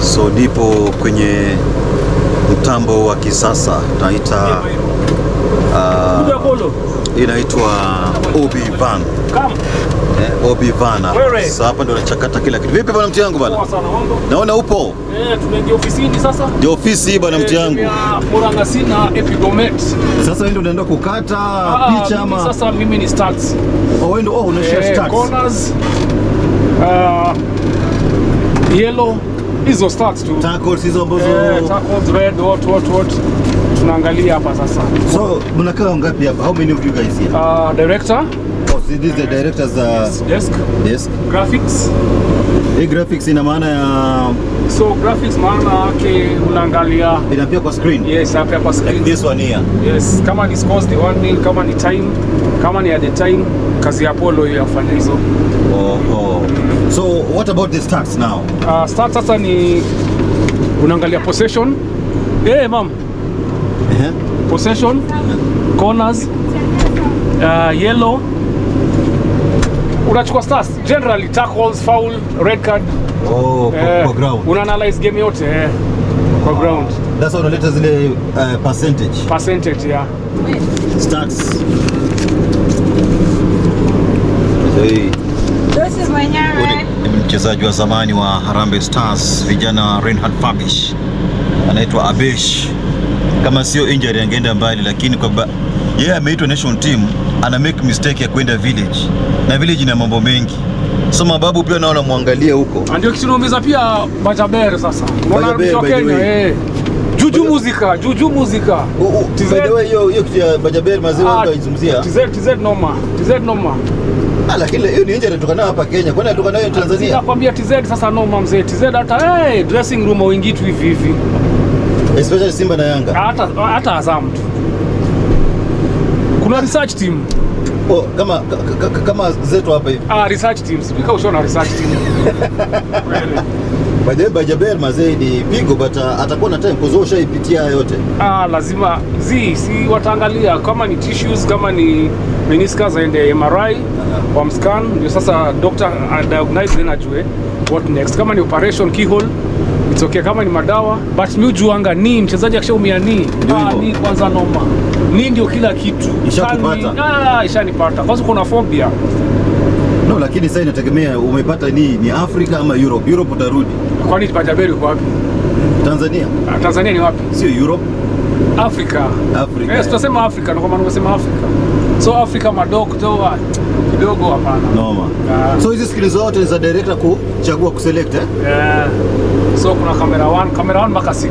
So nipo kwenye mtambo wa kisasa tunaita uh, inaitwa Obi Van eh, Obi Van. Sasa hapa ndo nachakata kila kitu. Vipi bwana mtu yangu bwana? Naona upo eh, tumeingia ofisini sasa. Ndio ofisi bwana mtu yangu. Eh, Morangasina Epigomet. Sasa wewe ndio unaenda kukata ah, ah, picha ama? Sasa mimi ni stats. Oh, wewe ndio oh, unashare eh, stats. Corners. Uh, yellow hizo stacks tu tackles hizo ambazo eh, tackles red what what what tunaangalia hapa sasa. So mnakaa ngapi hapa? How many of you guys here? Uh, director oh, so this is the director's uh, desk desk graphics hey, graphics ina maana ya so graphics maana yake unaangalia ina pia kwa screen yes hapa kwa screen like this one here yes kama ni scores the one nil kama ni time kama ni at the time kazi ya polo hiyo afanya hizo oh, oh. So what about this tax now? Uh, ah, tax sasa ni unaangalia possession. Eh, hey, mam. uh uh-huh. Possession. Uh-huh. Corners. Uh, yellow. Unachukua stars generally tackles, foul, red card. Oh, eh, kwa ground. Una analyze game yote eh, kwa ground. That's how unaleta zile uh, percentage. Percentage, yeah. Stats. Hey. Dosi mwenyewe mchezaji wa zamani wa Harambee Stars vijana Reinhard Fabish anaitwa Abesh, kama sio injury angeenda mbali, lakini kwa yeye yeah, ameitwa national team, ana make mistake ya kwenda village na village ina mambo mengi So mababu pia naona mwangalia huko, ah, ndio kitu naumiza pia Bajaber. Sasa unaona Kenya eh Juju muzika, Juju muzika. By the way, hiyo hiyo ya Bajabel maziwa ah, ndio izungumzia. TZ TZ noma, TZ noma. Ah, lakini hiyo ni nje inatoka nayo hapa Kenya. Kwani inatoka nayo Tanzania? Ninakwambia TZ sasa noma mzee. TZ hata eh dressing room au tu hivi hivi. Especially Simba na Yanga. Ah, hata hata Azam tu. Kuna research team. Oh, kama kama zetu hapa hivi. Ah, research team. Sipika ushaona research team. Really? By the way, Bajaber mazee ni pigo but uh, atakuwa na time kuzo kuzosha ipitia yote. Ah, lazima zi si wataangalia kama ni tissues kama ni meniscus aende MRI wamscan, ndio sasa doctor uh, diagnose then ajue what next. Kama ni operation keyhole it's okay, kama ni madawa but mi juanga ni mchezaji akishaumia ni ah, ni kwanza noma ni ndio kila kitu Ishakupata. Yaani, ah, ishanipata. Kwanza kuna phobia lakini sasa inategemea umepata ni ni Afrika ama Europe. Europe utarudi. Kwa Kwani Pajaberi uko wapi? Tanzania. Ah, Tanzania ni wapi? Sio Europe. Afrika. Afrika. Yes, eh, tunasema Afrika, ndio kwa maana tunasema Afrika. So Afrika madogo madokto kidogo hapana. Noma. Yeah. So hizi skills zote za director kuchagua kuselect eh? Yeah. So kuna camera 1, camera 1 mpaka 6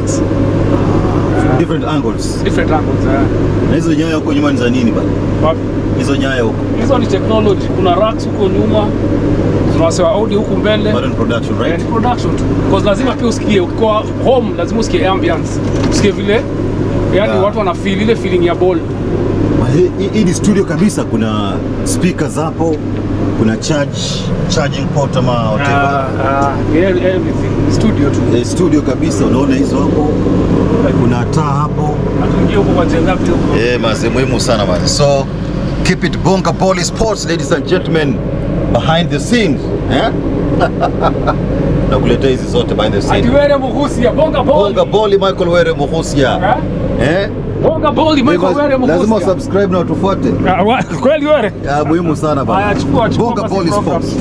different angles, different angles eh. Na hizo nyaya huko nyuma ni za nini bwana? Wapi hizo nyaya huko? Hizo ni technology. Kuna racks huko nyuma, tunasema audio huku mbele, but in production right, eh, in production tu, because lazima pia usikie ukiwa home, lazima usikie ambiance. usikie vile yani yeah. Watu wana feel ile feeling ya ball. Hii ni studio kabisa, kuna speakers hapo kuna charge, charging port ama whatever. Ah, ah, everything. Studio tu. Eh, studio kabisa unaona hizo hapo. Eh, kuna taa hapo eh, mazee muhimu sana man. So keep it Bonga Boli Sports, ladies and gentlemen, behind the scenes eh? Nakuletea hizi zote behind the scenes. Ati Were Bonga Bonga Bonga Boli, Michael Were Muhusia eh? eh? Bonga Boli, Michael Were Muhusia. Lazima subscribe na utufuate. Ah, kweli Were? Ya muhimu sana bana. Bonga Boli Sports.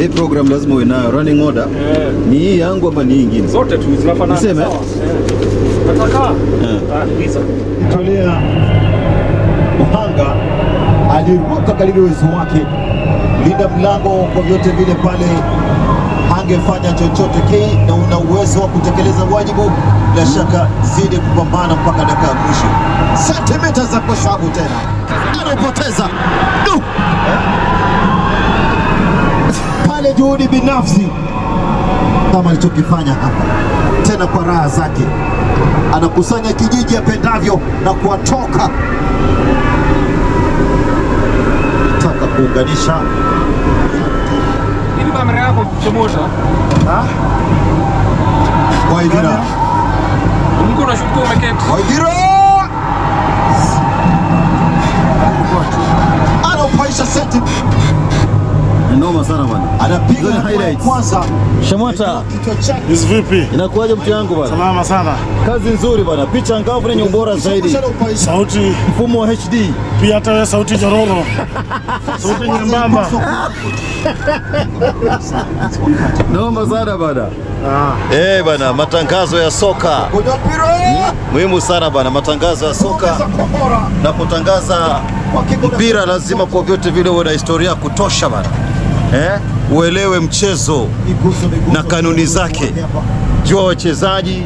Hii program lazima uwe nayo. Running order. Eh. Ni hii yangu ama ni nyingine? Zote tu zinafanana. Niseme kujitolea eh. ah, mhanga, aliruka kadiri uwezo wake, linda mlango kwa vyote vile pale angefanya chochote kile, na una uwezo wa kutekeleza wajibu, bila shaka zidi kupambana mpaka dakika ya mwisho. Sentimita za kuhesabu tena, anapoteza du pale, juhudi binafsi kama alichokifanya hapa tena kwa raha zake. Anakusanya kijiji apendavyo na kuwatoka. Nataka kuunganisha ili kamera yako kuchomosha Waithira, Mungu unashukuru umeketi Waithira shamata Shamwata. Hizi vipi? Inakuwaje mtu yangu bwana? Salama sana. Kazi nzuri bwana. Picha ngavu yenye ubora zaidi. Sauti mfumo wa HD. Pia hata wewe sauti jororo. Sauti nyembamba. Naomba sana bwana. Ah. Eh, bwana matangazo ya soka. Muhimu sana bwana matangazo ya soka. Napotangaza mpira lazima kwa vyote vile uwe na historia kutosha bwana eh, uelewe mchezo na kanuni zake, jua wachezaji,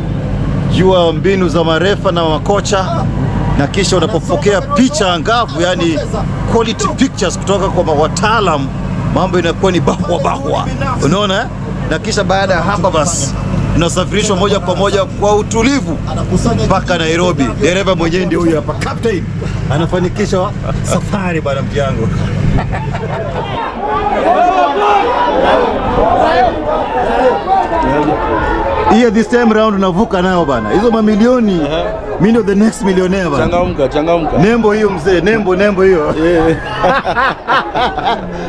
jua mbinu za marefa na makocha, na kisha unapopokea picha angavu, yani quality pictures kutoka kwa wataalam, mambo inakuwa ni bahwa bahwa, unaona. Eh? Na kisha baada ya hapa basi vinasafirishwa moja kwa moja kwa utulivu mpaka Nairobi. Dereva mwenyewe ndio huyo hapa, captain anafanikisha safari bwana mjango Here this time round navuka nayo bana, hizo mamilioni. Mimi ndio the next millionaire bana. Changamka, changamka. Nembo hiyo mzee, nembo nembo hiyo. Eh.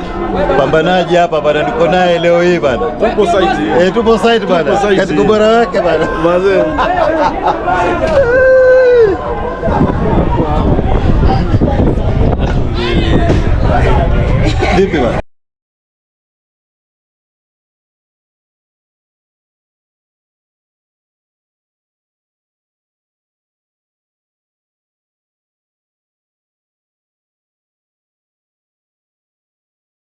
pambanaji hapa bana, niko naye leo hii bana, tupo site eh, tupo site bana, katika ubora wake bana mazee vipi bana